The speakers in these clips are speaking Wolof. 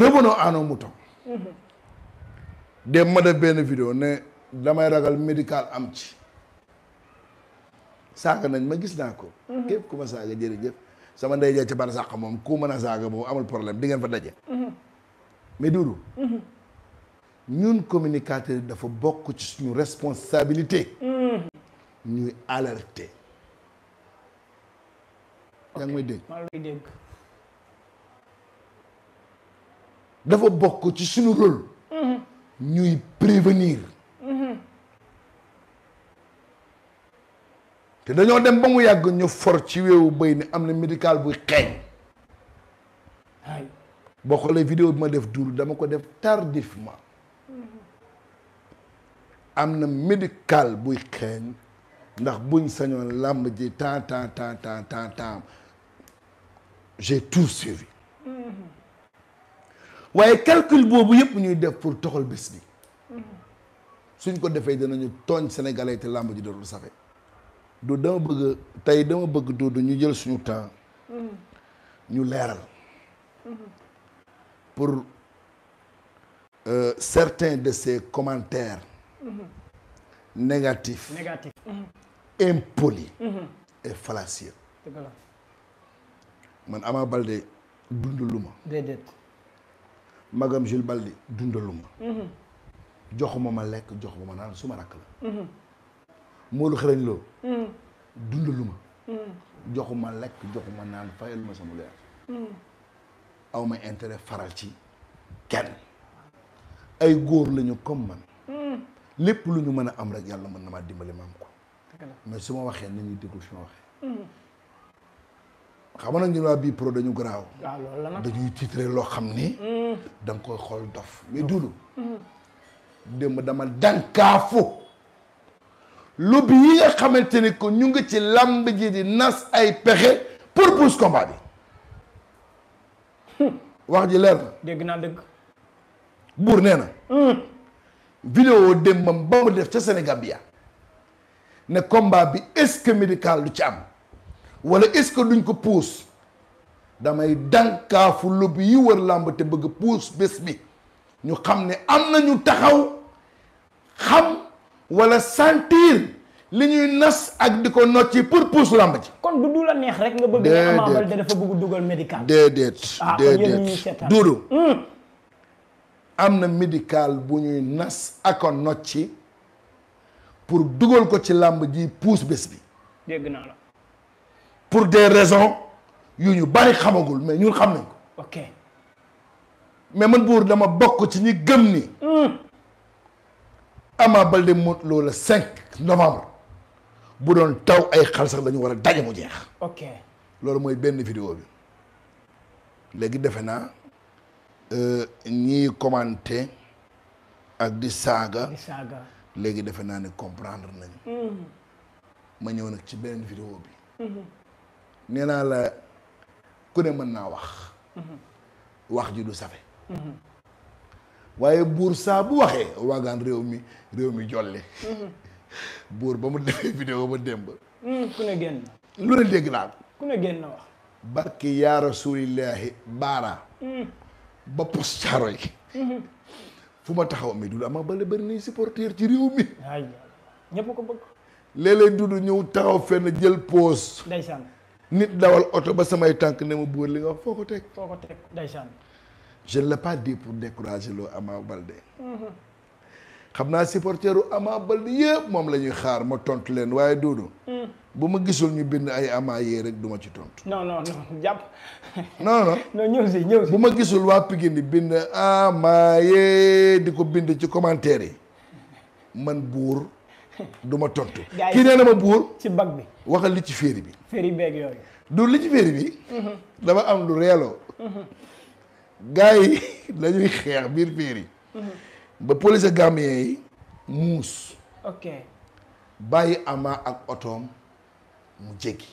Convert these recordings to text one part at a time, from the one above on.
revenons à nos moutons. dem ma def benn vidéo ne damay ragal médical am ci. saaga nañ ma gis naa ko. Mhm. képp ku ma saaga jërëjëf sama ndey ja ci bar sàq moom ku mën a saaga moom amul problème di ngeen fa daje. Mhm. mais mhm. ñun communicateur dafa bokk ci suñu responsabilité. ñuy alerter. yaa may dégg. dafa bokk ci suñu rôle. Mhm. ñuy prévenir. Mhm. te dañoo dem ba mu yàgg ñu for ci weewu béy ni am na médical buy xeeñ. boo xoolee vidéo bi ma def duuru dama ko def tardivement. Mhm. am na médical buy xeeñ ndax buñ sañoon làmb ji temps temps temps temps temps j'ai tout suivi. waaye calcul boobu yëpp ñuy def pour toxal bis bi suñ ko defee danañu tooñ sénégalais te làmb ji dootul safe du dama bëgg tey dama bëgg du du ñu jël suñu temps ñu leeral pour euh, certains de ces commentaires négatifs négatifs impolis mhm. et fallacieux man Ama Baldé dundul lu ma magam Jules Baldi dundaluma mhm. joxuma ma lekk joxuma ma naan su ma rakk la mhm. moolu xarañ loo mhm. dundaluma joxuma lekk joxuma naan fayal ma sama leer aw ma intérêt faral ci kenn ay góor lañu comme man lépp lu ñu mën a am rek yàlla mën na maa dimbali ma am ko mais su ma waxee nañuy déglu su waxee xam nga ñun waa bii pro dañu garaaw. Ah, la nag dañuy titré loo xam ni. Mm. da koy xool dof mais démb dama dànkaafu. lobby yi nga xamante ni ko ñu ngi ci làmb ji di nas ay pexe pour pousse combat bi. wax ji leer na. dégg naa dëgg. buur nee na. Mm. démbam ba mu def ca senegal bi ne combat bi est-ce que médical lu ci am. wala est-ce que duñ ko puus damay dànkaafu lub yi wër làmb te bëgg puus bés bi ñu xam ne am nañu taxaw xam wala sentir li ñuy nas ak di ko nocci pour puus làmb ji. kon du la neex rek nga bëgg. déedéet Ama Baldé dafa bëgg dugal médical. déedéet ah, duudu hmm. am na médical bu ñuy nas ak nocci pour dugal ko ci làmb ji puus bés bi. pour de raison yu ñu bari xamagul mais ñun xam nañ ko. ok mais man buur dama bokk ci ñi gëm ni. Hmm. Ama Baldé Modou Lô le 5 novembre bu doon taw ay xal sax la war a daje mu jeex. ok loolu mooy benn vidéo bi léegi defe naa euh, ñiy commenter ak di saaga. di léegi defe naa ne comprendre nañu. Hmm. ma ñëw nag ci benn vidéo bi. Hmm. nee naa la ku ne mën naa wax wax ji du safe waaye buur saa bu waxee waagaan réew mi réew mi jolli buur ba mu defee vidéo ba démb hmm, ku ne génn lu ne dégg naa ku ne génn wax barki yaa rasulillahi baara hmm. ba pos caaro yi hmm. fu ma taxaw mi dul ama bale bëri nañ supporter ci réew mi ñëpp ko bëgg léeg-léeg dudu ñëw taxaw fenn jël poos ndeysaan nit dawal oto ba samay tànk ne ma buur li nga wax foo ko teg. foo ko teg ndeysaan. je pas dit pour décourager loo Ama Balde. Mm-hmm. xam naa supporteru Ama Balde yëpp moom la ñuy xaar ma tontu leen waaye Doudou. Mm. bu ma gisul ñu bind ay Ama yee rek du ci tontu. non non ñëw si ñëw si. bu ma gisul waa Pikine di bind Ama yee di ko bind ci commentaire yi man buur duma tontu. kii nee na ma buur ci bag bi. waxal li ci féeri bi. féeri beeg yooyu. du li féeri bi. Mhm. dama am lu reeloo. Mhm. gars yi dañuy xeex biir féeri. Mhm. ba police gambien yi muus. bàyyi ama ak otoom mu jéggi.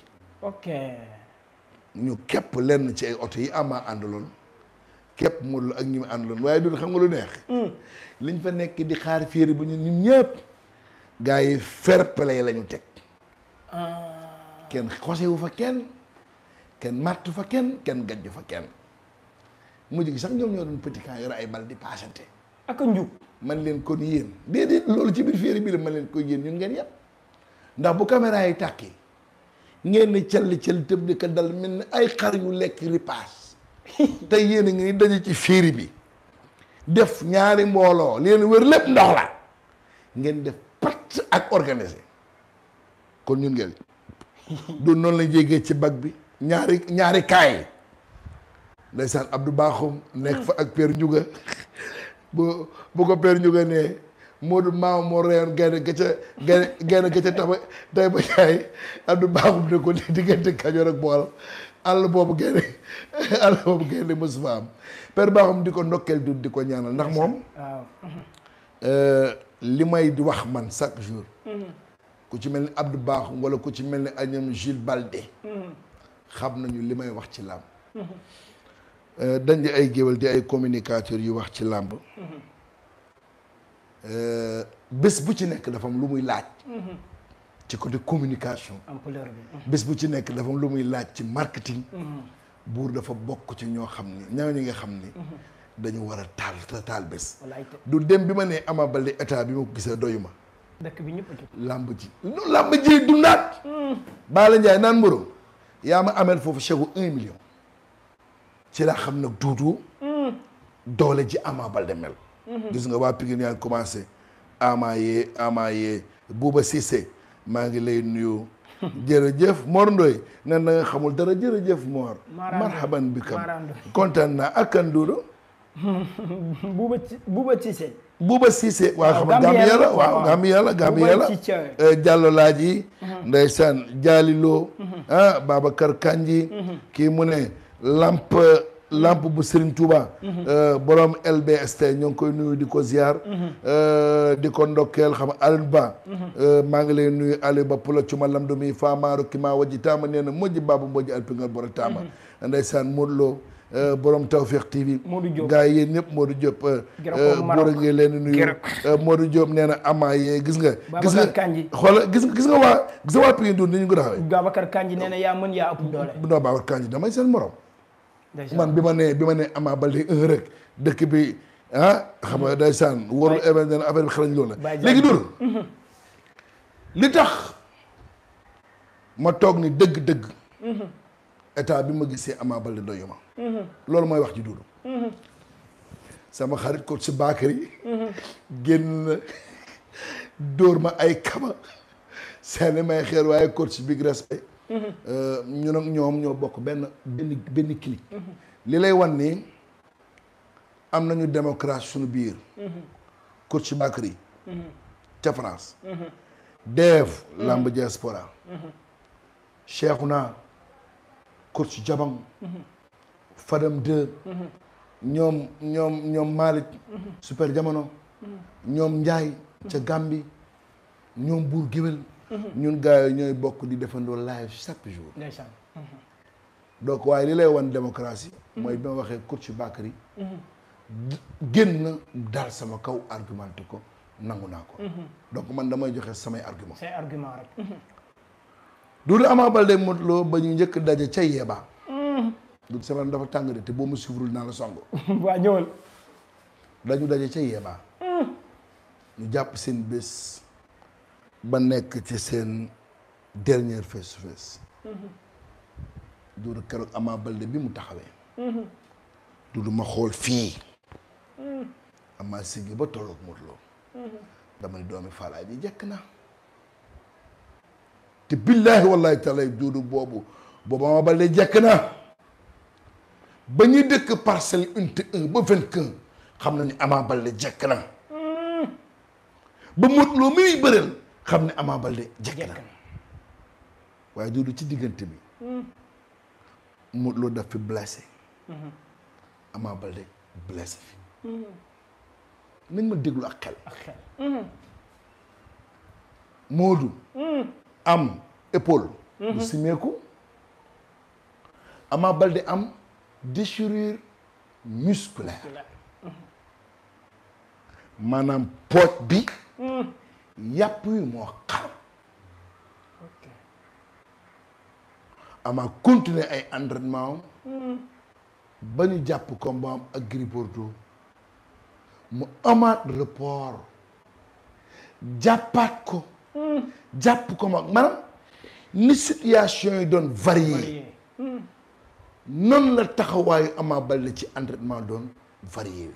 ñu képp lenn ci ay oto yi ama àndaloon képp mu ak ñi mu àndaloon waaye du xam nga lu neex. Mm. liñ fa nekk di xaar féeri bu ñu ñun ñëpp. gars yi fair play lañu teg. kenn xosewu fa kenn kenn màttu fa kenn kenn gajju fa kenn mujj gi sax ñoom ñoo doon petit camp yore ay bal di paasante ak njub man leen kon yéen déedéet loolu ci biir féeri bi la man leen ko yéen ñun ngeen yàpp ndax bu caméra yi tàkki ngeen di calli calli tëb di dal mel ni ay xar yu lekk ripaas te yéen a ngi daje ci féeri bi def ñaari mbooloo leen wër lépp ndox la ngeen def pat ak organisé kon ñun ngeen du noonu la jégee ci bag bi ñaari ñaari kaay ndeysaan Abdou Bakhoum nekk fa ak Père Ndiouga bu bu ko Père Ndiouga nee Modou maam moo reyoon gaynde ga ca gaynde gaynde ga ca tax ba tey ba jaay Abdou ne ko diggante Kajoor ak Bawol àll boobu gaynde àll boobu gaynde mosu fa am Père Bakhoum di ko ndokkeel du di ko ñaanal ndax moom euh, li may di wax man chaque jour mm-hmm. ku ci mel ni Abdou Bakhoum wala ku ci mel ni añam Jules Baldé hmm. xam nañu li may wax ci làmb hmm. euh, dañ di ay géwél di ay communicateurs yu wax ci làmb hmm. euh, bés bu ci nekk dafa am lu muy laaj ci côté communication bés bu ci nekk dafa lu muy laaj ci marketing buur dafa bokk ci ñoo xam ni ñaa ñi nga xam ni dañu war a taal taal bés du dem bi ma nee Ama Baldé état bi ma ko gisee doyuma dëkk bi ñëpp lamb ji lamb dundaat. Hmm. Balla Ndiaye naan mboro yaa ma amel foofu chèque un million. ci laa xam nag duudu. Hmm. doole ji Ama Baldé mel. Hmm. gis nga waa Pikine yaa ngi commencé. Ama yee Ama yee Bouba Cissé maa ngi lay nuyu. jërëjëf Mor Ndoye nan na nga xamul dara jërëjëf Mor. marhaban bi kam kontaan naa ak kan duudu. Bouba Cissé. Bouba Cissé waaw xam nga Gambia la waaw Gambia la Gambia la eh, Diallo Laaji mhm. ndeysaan Jaaliloo mhm. ah Babacar Kanji mhm. kii mu ne lamp lamp bu Serigne Touba eh, borom LBST ñoo koy nuyu di ko ziar eh, di ko ndokkeel xam Aliou Ba maa ngi lay nuyu Aliou Ba pula cuma lamdo mi faamaaru ki maa wajji taama nee mojji baabu mojji alpingal bora taama ndeysaan Modou Lo Euh, borom Tawfekh TV. Modou Diop gars yi yéen ñëpp Modou Diop. Euh, gërëm euh, Maroc ngi leen di nuyu. Modou Diop nee na Ama yee gis nga. gis nga Babacar Kanji xoola gis gis nga waa gis nga waa Pikine Ndour ñu ko taxawee. Babacar Kanji nee na yaa mën yaa ëpp doole. damay seen morom. man bi ma nee bi ma nee Ama rek dëkk bi ah xam nga day saan waru événement affaire bi xarañ loolu la. léegi Ndour mhm. li tax ma toog ni dëgg-dëgg. Mhm. état bi ma gisee Ama Baldé doyuma. loolu mooy wax ji duudu sama xarit ko si Bakary génn dóor ma ay kama seeni may xeer waaye coach big respect ñu nag ñoom ñoo bokk benn benn benn li lay wan nii am nañu démocratie suñu biir coach Bakary ca France Dev lamb diaspora Cheikhouna coach Jabang Fadam 2. ñoom ñoom ñoom Malick. super jamono. ñoom Ndiaye. ca Gambie. ñoom Buur Géwél. ñun gars yi ñooy bokk di defandoo live chaque jour. ndeysaan. donc waaye li lay wan démocratie. mooy bi ma waxee coach Bakary. Mhm. génn daal sama kaw argumenté ko nangu naa ko. Mhm. donc man damay joxe samay argument say argument rek. Doudou Ama Baldé Modou Lo ba ñu njëkk daje ca Yeba. du sama dafa tàng de te boo ma suivreul naa la songo waa ñëwal dañu daje ca yeebaa ñu jàpp seen bés ba nekk ci seen dernière face to face duudu keroog Ama Baldé bi mu taxawee duudu ma xool fii Ama siggi ba tolloog Modou Lo dama doomi Falaay bi jekk na te billaahi wallaahi taala duudu boobu boobu Ama Baldé jekk na ba ñuy dëkk parcelle unité un ba vingt un xam na ni Ama Baldé jekk na ba Modou Lo muy bëreel xam ne Ama Baldé jekk na waaye Doudou ci diggante bi Modou daf fi blessé Ama Baldé blessé fi nañ ma déglu ak xel ak am épaule du mm-hmm. simeeku Ama Baldé am déchirure musculaire maanaam pooj bi mm. yàpp yi moo xar ama continuer ay entraînement am mm. ba ñu jàpp combat am ak Bordeaux mu amaat report jàppaat ko mm. jàpp ko maanaam ni situation yi doon varier noonu la taxawaayu Ama Baldé ci entraînement doon varié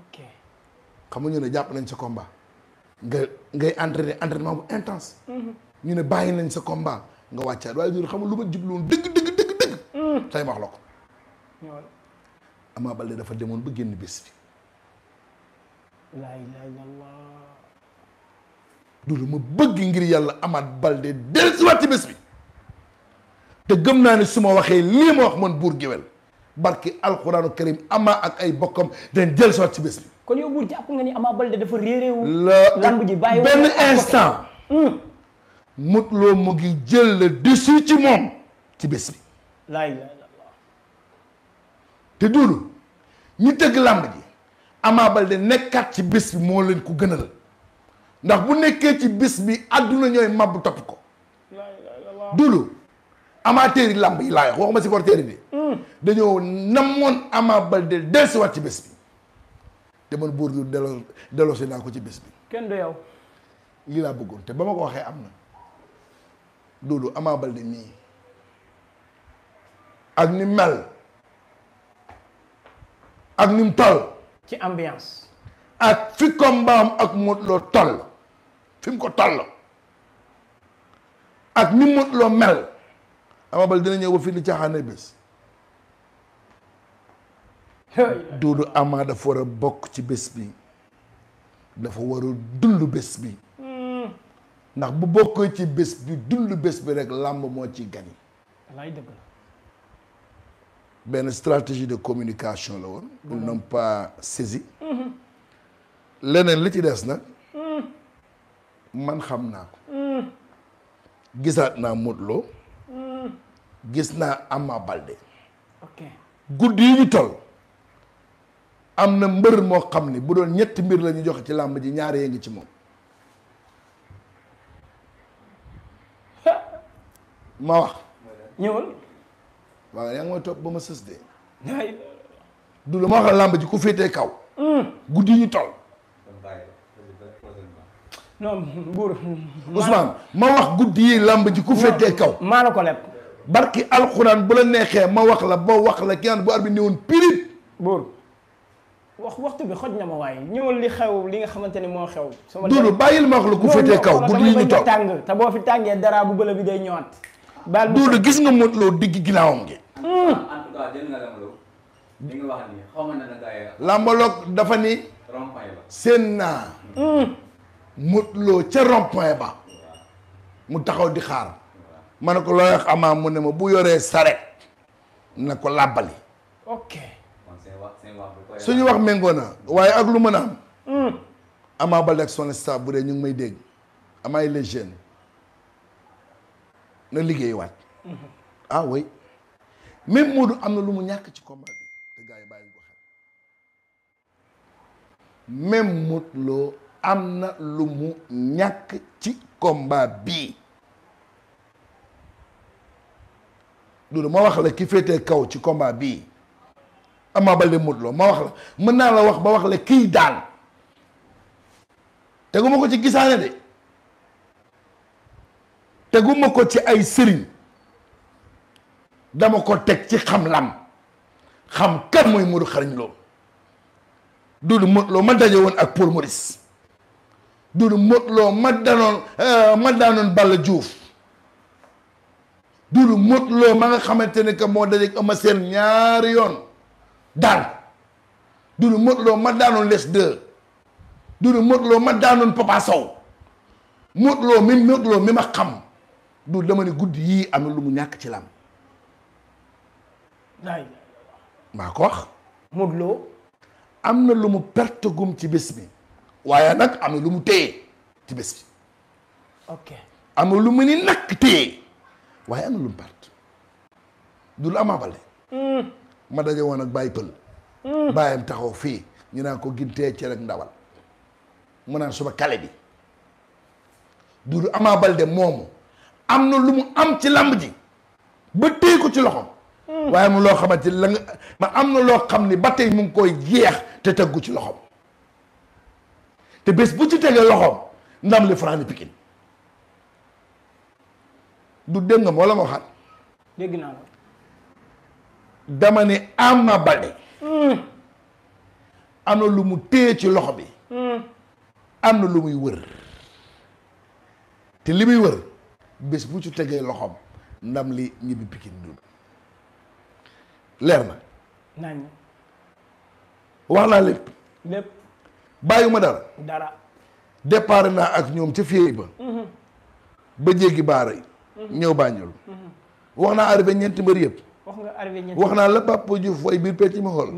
ok ñu ne jàpp nañ sa combat nga ngay entraîné entraînement bu intense mhm. ñu ne bàyyi nañ sa combat nga wàccaat waaye ñun xamul lu ma jubluwoon dëgg dëgg dëgg dëgg mhm. tey ma wax la ko Ama Baldé dafa demoon ba génn bés bi loolu ma bëgg ngir yàlla amaat Baldé del si waat ci bi te gëm naa ne su ma waxee lii ma wax man buur géwél barki alquranu karim ama ak ay bokkam dañ jël soit ci bés bi kon yow buur jàpp nga ni Ama Baldé dafa réeréewu la lamb ji bàyyi benn instant mutloo hmm. mu ngi jël le dessus ci moom ci bés bi laa te duulu ñi tëgg làmb ji Ama Baldé nekkaat ci bés bi moo leen ko gënal ndax bu nekkee ci bés bi àdduna ñooy màbb topp ko duulu amateur yi lamb yi laay wax waxuma supporter yi de hmm. dañoo namoon Ama Baldé dellusiwaat ci bés bi te man buur du delloo delloosi naa ko ci bés bi kenn du yow lii laa bëggoon te ba ma ko waxee am na loolu Ama Baldé mii ak ni mel ak ni toll ci ambiance ak fi combat am ak Modou Lo toll fi ko toll ak ni Modou Lo mel Ama Baldé dina ñëw ba fii di caaxaane bés Doudou Ama dafa war a bokk ci bés bi dafa waru a bés bi hmm. ndax bu bokkee ci bés bi dund bés bi rek làmb moo ci gan wallaay dëgg la benn stratégie de communication la woon ils hmm. n'ont hmm. leneen li ci des nag man xam naa ko gisaat naa Modou Lo gis naa am Baldé ok guddi yi ñu toll am na mbër moo xam ni bu doon ñetti mbir lañu joxe ci làmb ji ñaar yee ngi ci moom ma wax ñëwal waaw yaa ngi may topp ba ma sës dee du la ma wax làmb ji ku féetee kaw mm. guddi yi ñu toll non ma wax guddi yi làmb ji ku féetee kaw maa barki alxuraan bu la neexee ma wax la ba wax la ki naan bu arbi néewoon pirit buur wax waxtu bi xoj na ma waaye ñëwal li xew li nga xamante ni moo xew. sama Doudou bàyyil ma wax la ku féetee kaw. guddi li ñu toog tàng te boo fi tàngee dara bu bële bi day ñëwaat. baal gis nga Modou Lo digg ginaawam gi. Hmm. en dafa ni. rond seen naa. Hmm. Modou Lo ca rond ba. mu taxaw di xaar. ma ne ko looy wax amaa mu ne ma bu yoree saret na ko làbbali ok suñu wax méngoo na waaye ak lu mën a am Ama Baldé ak son staff dee ñu ngi may dégg Ama les jeunes na liggéey waat ah oui même Modou am na lu mu ñàkk ci combat bi te gars yi Doudou ma wax la ki féetee kaw ci kombaa bii Ama Baldé Modou Lô ma wax la mën naa la wax ba wax la kii daan teguma ko ci gisaane de teguma ko ci ay sëriñ dama ko teg ci xam lam xam kan mooy Modou Xarañ Lô Doudou Modou Lô ma daje woon ak Paul Maurice Doudou Modou Lô ma danoon euh, ma daanoon Balla Diouf du lu Modou ma nga xamante ne que moo dajeeg Eumeu seen ñaari yoon daan du lu Modou ma daanoon les deux du lu Modou ma daanoon Papa Sow Modou Lo mi Modou mi ma xam du dama ne guddi yii am lu mu ñàkk ci lam naay maa ko wax. Modou am na lu mu perte ci bis bi waaye nag am na lu mu téye ci bés bi. ok am na lu mu ni nakk téye. waaye am na lu mu perte du lu Ama Baldé hmm. ma daje woon ak Baye Pël hmm. bàyyam taxaw fii ñu naa ko gintee cere ak ndawal mu naan suba kale bi du lu Ama Baldé moomu am na lu mu am ci lamb ji ba téye ko ci loxom hmm. waaye loo xamante la nga am na loo xam ni ba tey mu ngi koy jeex te tëggu ci loxom te bés bu ci tegee loxom ndam li Franc ni du dégg nga wala ma waxaat. dégg naa la. Hmm. am na lu mu téye ci loxo bi. Hmm. am na lu muy wër. te li muy wër bés bu ci tegee loxoom ndam li ñibbi pikin dul leer na. wax naa lépp. lépp bàyyiwuma dara. dara. départ naa ak ñoom ca fii ba. Hmm. ba jéggi baara yi. ñëw Banjul wax naa arrivé ñeenti mbër yëpp wax nga arrivé ñeenti wax naa la Papa Diouf way biir pecc ma xool